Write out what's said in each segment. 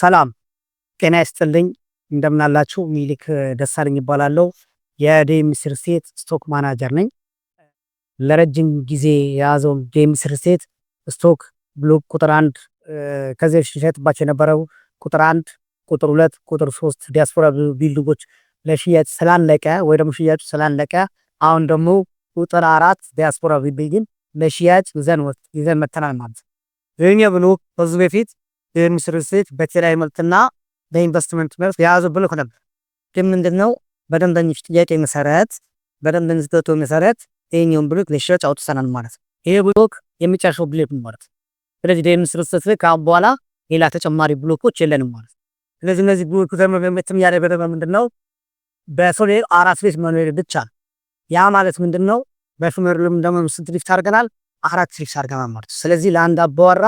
ሰላም ጤና ይስጥልኝ። እንደምናላችሁ ሚሊክ ደሳለኝ ይባላለው። የዴሚስር ስቴት ስቶክ ማናጀር ነኝ። ለረጅም ጊዜ የያዘው ዴሚስር ስቴት ስቶክ ብሎክ ቁጥር አንድ ከዚህ በፊት ሲሸጥባቸው የነበረው ቁጥር አንድ፣ ቁጥር ሁለት፣ ቁጥር ሶስት ዲያስፖራ ቢልዲንጎች ለሽያጭ ስላለቀ ወይ ደግሞ ሽያጩ ስላለቀ አሁን ደግሞ ቁጥር አራት ዲያስፖራ ቢልዲንግን ለሽያጭ ይዘን መተናል ማለት ነው። ይህኛ ብሎ ከዚህ በፊት ይህን ስርስት በተለያዩ መልክና በኢንቨስትመንት መልክ የያዙ ብልክ ነበር። ግን ምንድነው በደንበኞች ጥያቄ መሰረት በደንበኝ ጥቶ መሰረት ይህኛውን ብሎክ ለሽያጭ አውጥተናል ማለት ነው። ይሄ ብሎክ የሚጨርሰው ብሎክ ማለት ነው። ስለዚህ ይህን ስርስት ላይ ከአሁን በኋላ ሌላ ተጨማሪ ብሎኮች የለንም ማለት ነው። ስለዚህ እነዚህ ብሎክ ዘመመትም ያለ በደበ ምንድነው በሶሌ አራት ቤት መኖር ብቻ ያ ማለት ምንድነው በፍመርልም ደግሞ ስድሪፍት አርገናል አራት ሪፍት አርገናል ማለት ነው። ስለዚህ ለአንድ አባወራ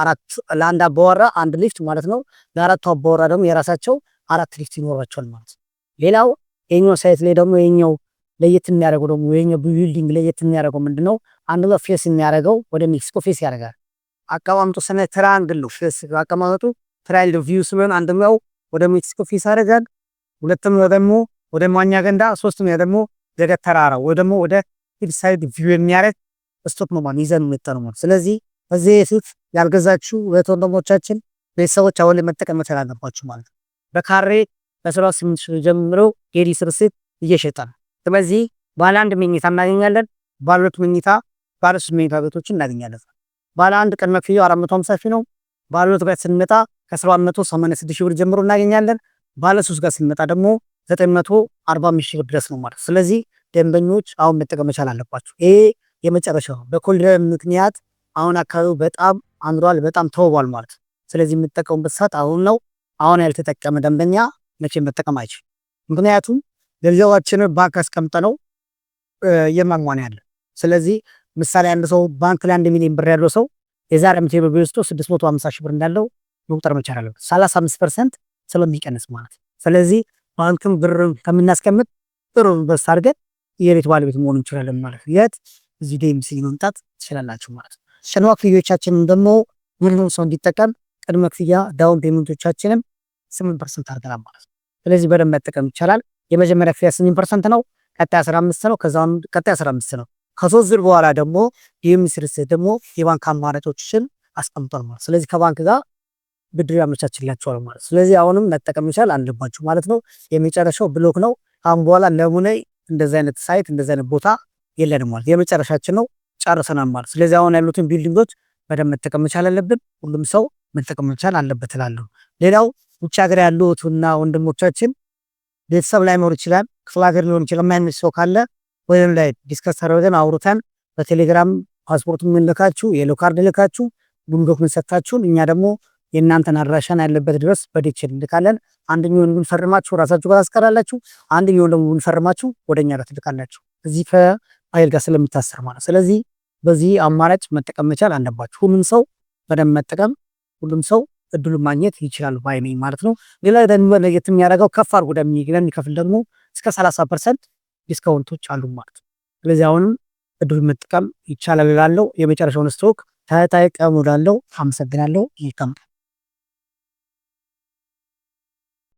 አራት ለአንድ አባወራ አንድ ሊፍት ማለት ነው። ለአራቱ አባወራ ደግሞ የራሳቸው አራት ሊፍት ይኖራቸዋል ማለት ነው። ሌላው የኛው ሳይት ላይ ደግሞ የኛው ለየት የሚያደርገው ደግሞ የኛው ቢልዲንግ ለየት የሚያደርገው ምንድነው? አንድ ነው ፌስ የሚያደርገው ወደ ሜክሲኮ ፌስ ያደርጋል። አቀማመጡ ስነ ትራንግል ነው። ፌስ አቀማመጡ ትራያንግል ቪው ስለሆነ ነው ወደ ሜክሲኮ ፌስ ያደርጋል፣ ሁለተኛው ደግሞ ወደ ማኛ ገንዳ፣ ሶስተኛው ደግሞ ወደ ተራራ ወይ ደግሞ ወደ ሂልሳይድ ቪው የሚያደርግ ስቶፕ ነው ማለት ይዘን ነው። ስለዚህ ከዚህ በፊት ያልገዛችሁ እህት ወንድሞቻችን ቤተሰቦች አሁን ላይ መቻል አለባችሁ ማለት ነው። በካሬ በሰባ ስምንት ሺህ ጀምሮ ጌዲ ስርስት እየሸጠ ነው። ስለዚህ ባለ አንድ መኝታ እናገኛለን። ባለ ሁለት መኝታ፣ ባለ ሶስት መኝታ ቤቶችን እናገኛለን። ባለ አንድ ቅድመ ክፍያው አራት መቶ ሀምሳ ሺህ ነው። ባለ ሁለት ጋር ስንመጣ ከሰባት መቶ ሰማንያ ስድስት ሺህ ብር ጀምሮ እናገኛለን። ባለ ሶስት ጋር ስንመጣ ደግሞ ዘጠኝ መቶ አርባ አምስት ሺህ ብር ድረስ ነው ማለት። ስለዚህ ደንበኞች አሁን መጠቀም መቻል አለባቸው። ይሄ የመጨረሻው በኮሊደር ምክንያት አሁን አካባቢው በጣም አምሯል፣ በጣም ተውቧል ማለት ነው። ስለዚህ የምጠቀሙበት ሰዓት አሁን ነው። አሁን ያልተጠቀመ ደንበኛ መቼ መጠቀም አይችል። ምክንያቱም ገንዘባችንን ባንክ አስቀምጠነው ነው ያለ። ስለዚህ ምሳሌ አንድ ሰው ባንክ ላይ አንድ ሚሊዮን ብር ያለው ሰው የዛሬ ዓመት ብር ቢወስዶ ስድስት መቶ ሀምሳ ሺህ ብር እንዳለው መቁጠር መቻል አለበት፣ ሰላሳ አምስት ፐርሰንት ስለሚቀንስ ማለት ነው። ስለዚህ ባንክም ብር ከምናስቀምጥ ጥሩ በስ አድርገን የቤት ባለቤት መሆኑ እንችላለን ማለት ነው። የት እዚህ ዴምሲ መምጣት ትችላላችሁ ማለት ነው። ሸንዋ ክፍያዎቻችንም ደግሞ ሁሉም ሰው እንዲጠቀም ቅድመ ክፍያ ዳውን ፔመንቶቻችንም ስምንት ፐርሰንት አድርገናል ማለት ነው። ስለዚህ በደንብ መጠቀም ይቻላል። የመጀመሪያ ክፍያ ስምንት ፐርሰንት ነው። ቀጣይ አስራ አምስት ነው። ከዛ ቀጣይ አስራ አምስት ነው። ከሶስት ዙር በኋላ ደግሞ ይህም የሚስርስ ደግሞ የባንክ አማራጮችን አስቀምጧል ማለት ስለዚህ ከባንክ ጋር ብድር ያመቻችላቸዋል ማለት ስለዚህ አሁንም መጠቀም ይቻል አለባችሁ ማለት ነው። የመጨረሻው ብሎክ ነው። አሁን በኋላ ለሙነይ እንደዚህ አይነት ሳይት እንደዚህ አይነት ቦታ የለንም ማለት የመጨረሻችን ነው። ጨርሰናል ማለት። ስለዚህ አሁን ያሉትን ቢልዲንጎች በደንብ መጠቀም መቻል አለብን። ሁሉም ሰው መጠቀም መቻል አለበት እላለሁ። ሌላው ውጭ ሀገር ያሉትና ወንድሞቻችን ቤተሰብ ላይ መሆን ይችላል፣ ክፍለ ሀገር ሊሆን ይችላል። የማይመች ሰው ካለ ወይም ላይ ዲስከስ አድርገን አውርተን በቴሌግራም ፓስፖርት የምንልካችሁ የሎ ካርድ ልካችሁ ጉምሩክ ምንሰታችሁን እኛ ደግሞ የእናንተን አድራሻን ያለበት ድረስ በዲቼ እንልካለን። አንድ ሚሊዮን ግን ፈርማችሁ ራሳችሁ ጋር ታስቀራላችሁ። አንድ ሚሊዮን ደግሞ ግን ፈርማችሁ እኛ ጋር ትልካላችሁ። እዚህ ከፋይል ጋር ስለምታሰር ማለት ስለዚህ በዚህ አማራጭ መጠቀም መቻል አለባችሁ። ሁሉም ሰው በደንብ መጠቀም ሁሉም ሰው እድሉ ማግኘት ይችላል ባይ ነኝ ማለት ነው። ሌላ ደግሞ ለየት የሚያደርገው ከፍ አድርጎ ይከፍል ደግሞ እስከ 30 ፐርሰንት ዲስካውንቶች አሉ ማለት ነው። ስለዚህ አሁንም እድሉ መጠቀም ይቻላል ላለው የመጨረሻውን ስቶክ ተጠቀሙ ላለው አመሰግናለሁ። ይልካም